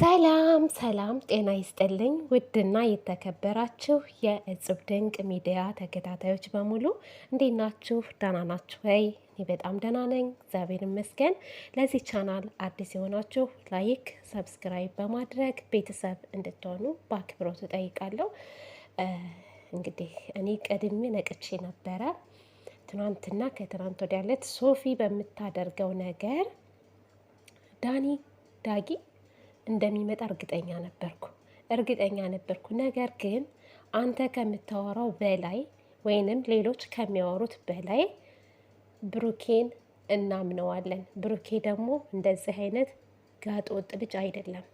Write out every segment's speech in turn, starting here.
ሰላም ሰላም፣ ጤና ይስጥልኝ ውድና የተከበራችሁ የእጽብ ድንቅ ሚዲያ ተከታታዮች በሙሉ እንዴት ናችሁ? ደህና ናችሁ ወይ? እኔ በጣም ደህና ነኝ፣ እግዚአብሔር ይመስገን። ለዚህ ቻናል አዲስ የሆናችሁ ላይክ፣ ሰብስክራይብ በማድረግ ቤተሰብ እንድትሆኑ በአክብሮት እጠይቃለሁ። እንግዲህ እኔ ቀድሜ ነቅቼ ነበረ። ትናንትና ከትናንት ወዲያ ዕለት ሶፊ በምታደርገው ነገር ዳኒ ዳጊ እንደሚመጣ እርግጠኛ ነበርኩ እርግጠኛ ነበርኩ። ነገር ግን አንተ ከምታወራው በላይ ወይንም ሌሎች ከሚያወሩት በላይ ብሩኬን እናምነዋለን። ብሩኬ ደግሞ እንደዚህ አይነት ጋጥ ልጅ አይደለም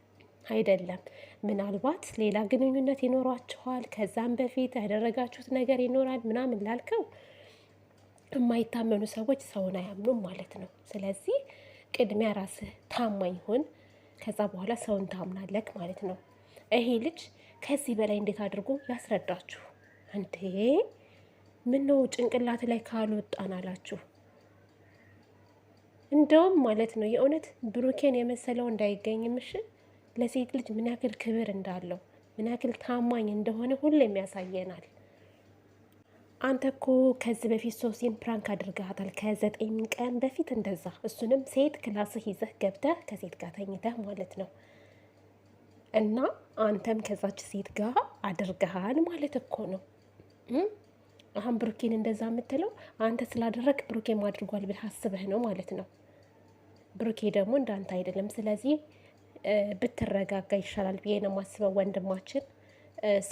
አይደለም። ምናልባት ሌላ ግንኙነት ይኖሯችኋል፣ ከዛም በፊት ያደረጋችሁት ነገር ይኖራል ምናምን ላልከው የማይታመኑ ሰዎች ሰውን አያምኑም ማለት ነው። ስለዚህ ቅድሚያ ራስህ ታማኝ ሁን። ከዛ በኋላ ሰውን ታምናለክ ማለት ነው። ይሄ ልጅ ከዚህ በላይ እንዴት አድርጎ ያስረዳችሁ እንዴ? ምን ነው ጭንቅላት ላይ ካልወጣን አላችሁ። እንደውም ማለት ነው የእውነት ብሩኬን የመሰለው እንዳይገኝም እሺ። ለሴት ልጅ ምን ያክል ክብር እንዳለው ምን ያክል ታማኝ እንደሆነ ሁሌም ያሳየናል። አንተ እኮ ከዚህ በፊት ሶሲን ፕራንክ አድርገሃታል፣ ከዘጠኝ ቀን በፊት እንደዛ። እሱንም ሴት ክላስህ ይዘህ ገብተህ ከሴት ጋር ተኝተህ ማለት ነው። እና አንተም ከዛች ሴት ጋር አድርገሃል ማለት እኮ ነው። አሁን ብሩኬን እንደዛ የምትለው አንተ ስላደረግ ብሩኬም አድርጓል ብለህ አስበህ ነው ማለት ነው። ብሩኬ ደግሞ እንዳንተ አይደለም። ስለዚህ ብትረጋጋ ይሻላል ብዬ ነው የማስበው ወንድማችን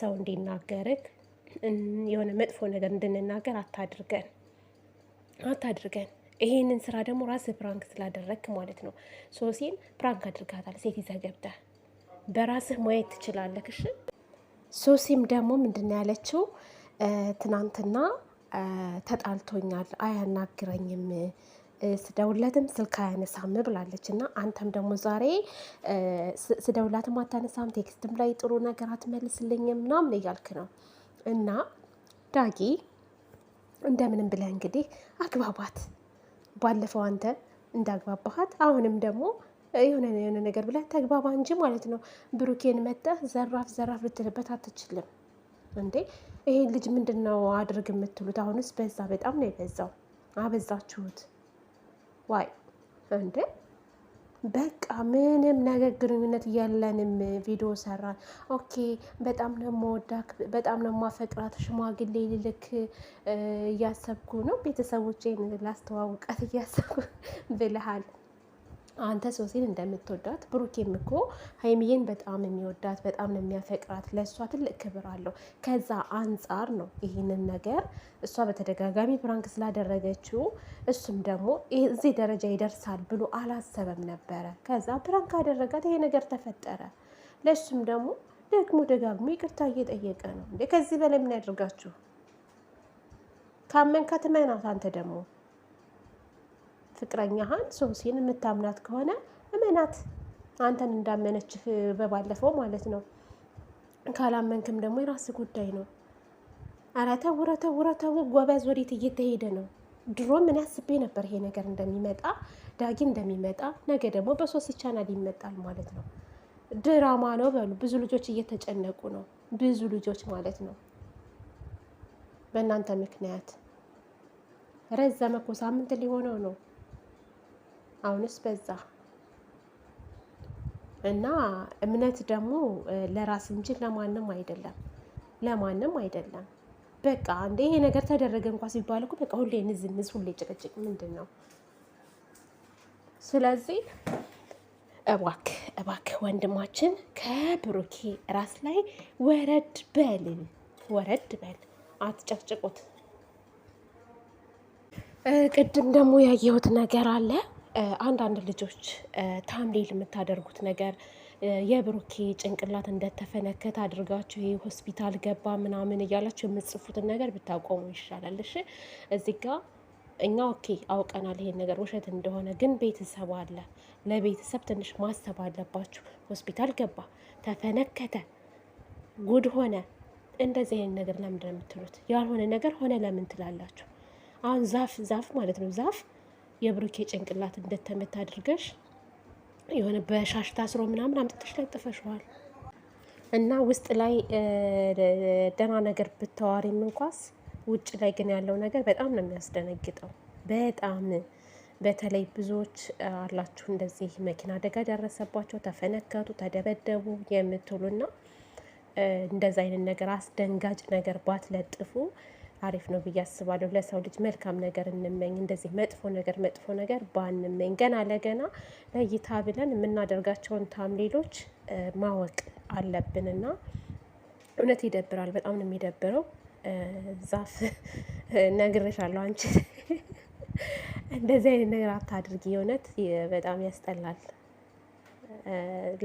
ሰው እንዲናገርህ የሆነ መጥፎ ነገር እንድንናገር አታድርገን አታድርገን። ይሄንን ስራ ደግሞ ራስህ ፕራንክ ስላደረግክ ማለት ነው። ሶሲን ፕራንክ አድርጋታል። ሴት ይዘህ ገብተህ በራስህ ማየት ትችላለህ። እሺ ሶሲም ደግሞ ምንድን ነው ያለችው? ትናንትና ተጣልቶኛል፣ አያናግረኝም፣ ስደውለትም ስልክ አያነሳም ብላለች። እና አንተም ደግሞ ዛሬ ስደውላትም አታነሳም፣ ቴክስትም ላይ ጥሩ ነገር አትመልስልኝም ምናምን እያልክ ነው እና ዳጊ እንደምንም ብለህ እንግዲህ አግባባት። ባለፈው አንተ እንዳግባባሃት አሁንም ደግሞ የሆነ የሆነ ነገር ብለህ ተግባባ እንጂ ማለት ነው። ብሩኬን መጠህ ዘራፍ ዘራፍ ልትልበት አትችልም እንዴ! ይሄን ልጅ ምንድን ነው አድርግ የምትሉት? አሁንስ በዛ፣ በጣም ነው የበዛው። አበዛችሁት ዋይ እንዴ! በቃ ምንም ነገር ግንኙነት የለንም ቪዲዮ ሰራን። ኦኬ በጣም ነው የምወዳክ፣ በጣም ነው የማፈቅራት። ሽማግሌ ልልክ እያሰብኩ ነው ቤተሰቦቼን ላስተዋውቃት እያሰብኩ ብልሃል። አንተ ሶሴን እንደምትወዳት ብሩኬም እኮ ሀይሚዬን በጣም የሚወዳት በጣም የሚያፈቅራት፣ ለእሷ ትልቅ ክብር አለው። ከዛ አንጻር ነው ይህንን ነገር እሷ በተደጋጋሚ ፕራንክ ስላደረገችው እሱም ደግሞ እዚህ ደረጃ ይደርሳል ብሎ አላሰበም ነበረ። ከዛ ፕራንክ አደረጋት፣ ይሄ ነገር ተፈጠረ። ለእሱም ደግሞ ደግሞ ደጋግሞ ይቅርታ እየጠየቀ ነው። እንዴ ከዚህ በላይ ምን ያደርጋችሁ? ካመንካት መናት አንተ ደግሞ ፍቅረኛህን ሶሲን የምታምናት ከሆነ እመናት፣ አንተን እንዳመነችህ በባለፈው ማለት ነው። ካላመንክም ደግሞ የራስህ ጉዳይ ነው። ኧረ ተው ውረተ ተው ጎበዝ፣ ወዴት እየተሄደ ነው? ድሮ ምን ያስቤ ነበር ይሄ ነገር እንደሚመጣ ዳጊ እንደሚመጣ፣ ነገ ደግሞ በሶስት ቻናል ይመጣል ማለት ነው። ድራማ ነው በሉ። ብዙ ልጆች እየተጨነቁ ነው፣ ብዙ ልጆች ማለት ነው በእናንተ ምክንያት። ረዘመ እኮ ሳምንት ሊሆነው ነው። አሁንስ በዛ። እና እምነት ደግሞ ለራስ እንጂ ለማንም አይደለም፣ ለማንም አይደለም። በቃ እንደ ይሄ ነገር ተደረገ እንኳ ሲባል እኮ በቃ ሁሌ ንዝንዝ፣ ሁሌ ጭቅጭቅ ምንድን ነው? ስለዚህ እባክ እባክ ወንድማችን ከብሩኬ ራስ ላይ ወረድ በል፣ ወረድ በል፣ አትጨቅጭቁት። ቅድም ደግሞ ያየሁት ነገር አለ አንዳንድ ልጆች ታምሌል የምታደርጉት ነገር የብሩኬ ጭንቅላት እንደተፈነከተ አድርጋችሁ ይህ ሆስፒታል ገባ ምናምን እያላችሁ የምጽፉትን ነገር ብታቆሙ ይሻላል። እሺ እዚህ ጋ እኛ ኦኬ አውቀናል፣ ይሄን ነገር ውሸት እንደሆነ ግን ቤተሰብ አለ። ለቤተሰብ ትንሽ ማሰብ አለባችሁ። ሆስፒታል ገባ፣ ተፈነከተ፣ ጉድ ሆነ፣ እንደዚህ አይነት ነገር ለምንድን ነው የምትሉት? ያልሆነ ነገር ሆነ ለምን ትላላችሁ? አሁን ዛፍ ዛፍ ማለት ነው ዛፍ የብሩኬ ጭንቅላት እንደተመታ አድርገሽ የሆነ በሻሽ ታስሮ ምናምን አምጥተሽ ለጥፈሽዋል። እና ውስጥ ላይ ደህና ነገር ብታዋሪም እንኳስ ውጭ ላይ ግን ያለው ነገር በጣም ነው የሚያስደነግጠው። በጣም በተለይ ብዙዎች አላችሁ እንደዚህ መኪና አደጋ ደረሰባቸው፣ ተፈነከቱ፣ ተደበደቡ የምትሉና እንደዚ አይነት ነገር አስደንጋጭ ነገር ባትለጥፉ አሪፍ ነው ብዬ አስባለሁ። ለሰው ልጅ መልካም ነገር እንመኝ፣ እንደዚህ መጥፎ ነገር መጥፎ ነገር ባንመኝ። ገና ለገና ለእይታ ብለን የምናደርጋቸውን ታምሌሎች ማወቅ አለብንና እውነት ይደብራል። በጣም ነው የሚደብረው። ዛፍ ነግሬሻለሁ አንቺ እንደዚህ አይነት ነገር አታድርጊ። የእውነት በጣም ያስጠላል።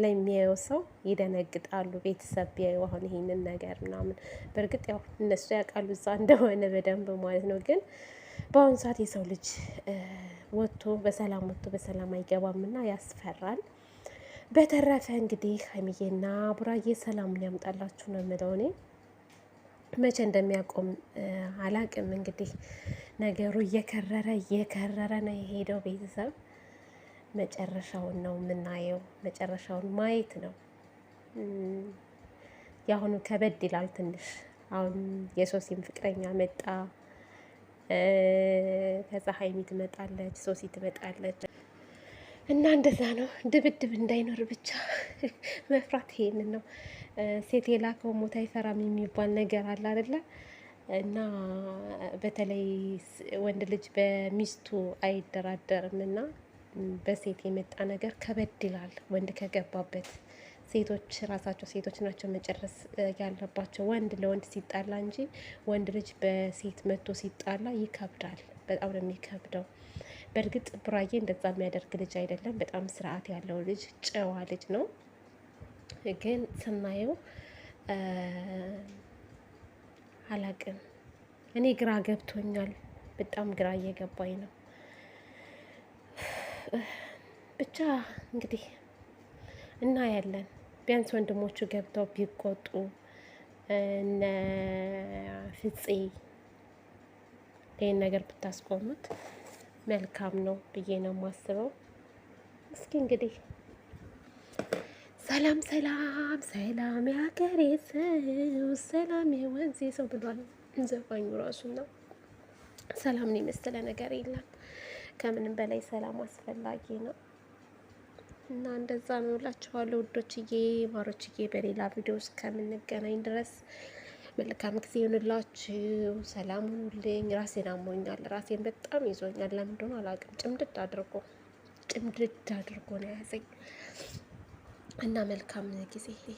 ለሚያየው ሰው ይደነግጣሉ። ቤተሰብ ቢያዩ አሁን ይሄንን ነገር ምናምን በእርግጥ ያው እነሱ ያውቃሉ እዛ እንደሆነ በደንብ ማለት ነው። ግን በአሁኑ ሰዓት የሰው ልጅ ወጥቶ በሰላም ወጥቶ በሰላም አይገባም እና ያስፈራል። በተረፈ እንግዲህ ሀይሚዬና ቡራዬ ሰላሙን ያምጣላችሁ ነው የምለው እኔ መቼ እንደሚያቆም አላቅም። እንግዲህ ነገሩ እየከረረ እየከረረ ነው የሄደው ቤተሰብ መጨረሻውን ነው የምናየው። መጨረሻውን ማየት ነው። የአሁኑ ከበድ ይላል ትንሽ። አሁን የሶሲም ፍቅረኛ መጣ፣ ከዛ ሀይሚ ትመጣለች፣ ሶሲ ትመጣለች እና እንደዛ ነው። ድብድብ እንዳይኖር ብቻ መፍራት ይሄንን ነው። ሴት የላከው ሞት አይፈራም የሚባል ነገር አለ አይደለ? እና በተለይ ወንድ ልጅ በሚስቱ አይደራደርም እና በሴት የመጣ ነገር ከበድ ይላል። ወንድ ከገባበት ሴቶች ራሳቸው ሴቶች ናቸው መጨረስ ያለባቸው። ወንድ ለወንድ ሲጣላ እንጂ ወንድ ልጅ በሴት መቶ ሲጣላ ይከብዳል። በጣም ነው የሚከብደው። በእርግጥ ቡራዬ እንደዛ የሚያደርግ ልጅ አይደለም። በጣም ስርዓት ያለው ልጅ፣ ጨዋ ልጅ ነው። ግን ስናየው አላቅም እኔ ግራ ገብቶኛል። በጣም ግራ እየገባኝ ነው። ብቻ እንግዲህ እናያለን። ቢያንስ ወንድሞቹ ገብተው ቢቆጡ እነ ፍፄ ይህን ነገር ብታስቆሙት መልካም ነው ብዬ ነው የማስበው። እስኪ እንግዲህ ሰላም ሰላም ሰላም የሀገሬ ሰው ሰላም የወንዜ ሰው ብሏል ዘፋኙ ራሱና ሰላም ነው የመሰለ ነገር የለም። ከምንም በላይ ሰላም አስፈላጊ ነው እና እንደዛ ነው እላችኋለሁ ውዶችዬ፣ ማሮችዬ። በሌላ ቪዲዮ እስከምንገናኝ ድረስ መልካም ጊዜ ይሆንላችሁ። ሰላም ሁኑልኝ። ራሴን አሞኛል። ራሴን በጣም ይዞኛል። ለምን እንደሆነ አላውቅም። ጭምድድ አድርጎ ጭምድድ አድርጎ ነው የያዘኝ እና መልካም ጊዜ